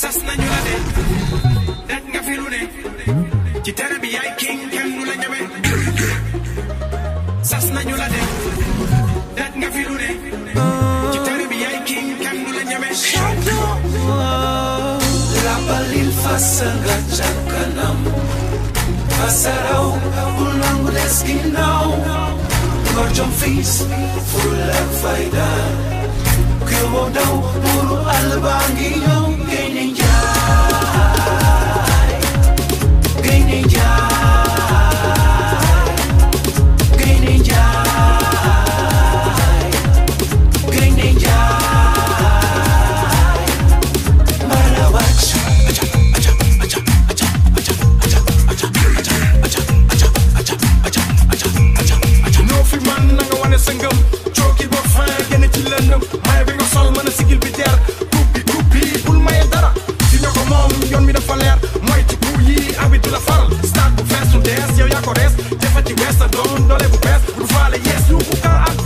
sas nañu la de def nga fi lu ne ci tere bi yaay king kenn du la ñeme sas nañu la de def nga fi lu ne ci tere bi yaay king kenn du la ñeme rabalil fasal nga ca kanam fasaraw bul nangu des ginnaaw ngor jom fiis albangiyo. mooy ku yi abi la faral stade bu fees su dees yow yaa ko rees defati wees sa doom doole bu bees rufaale yees yu bu ka ak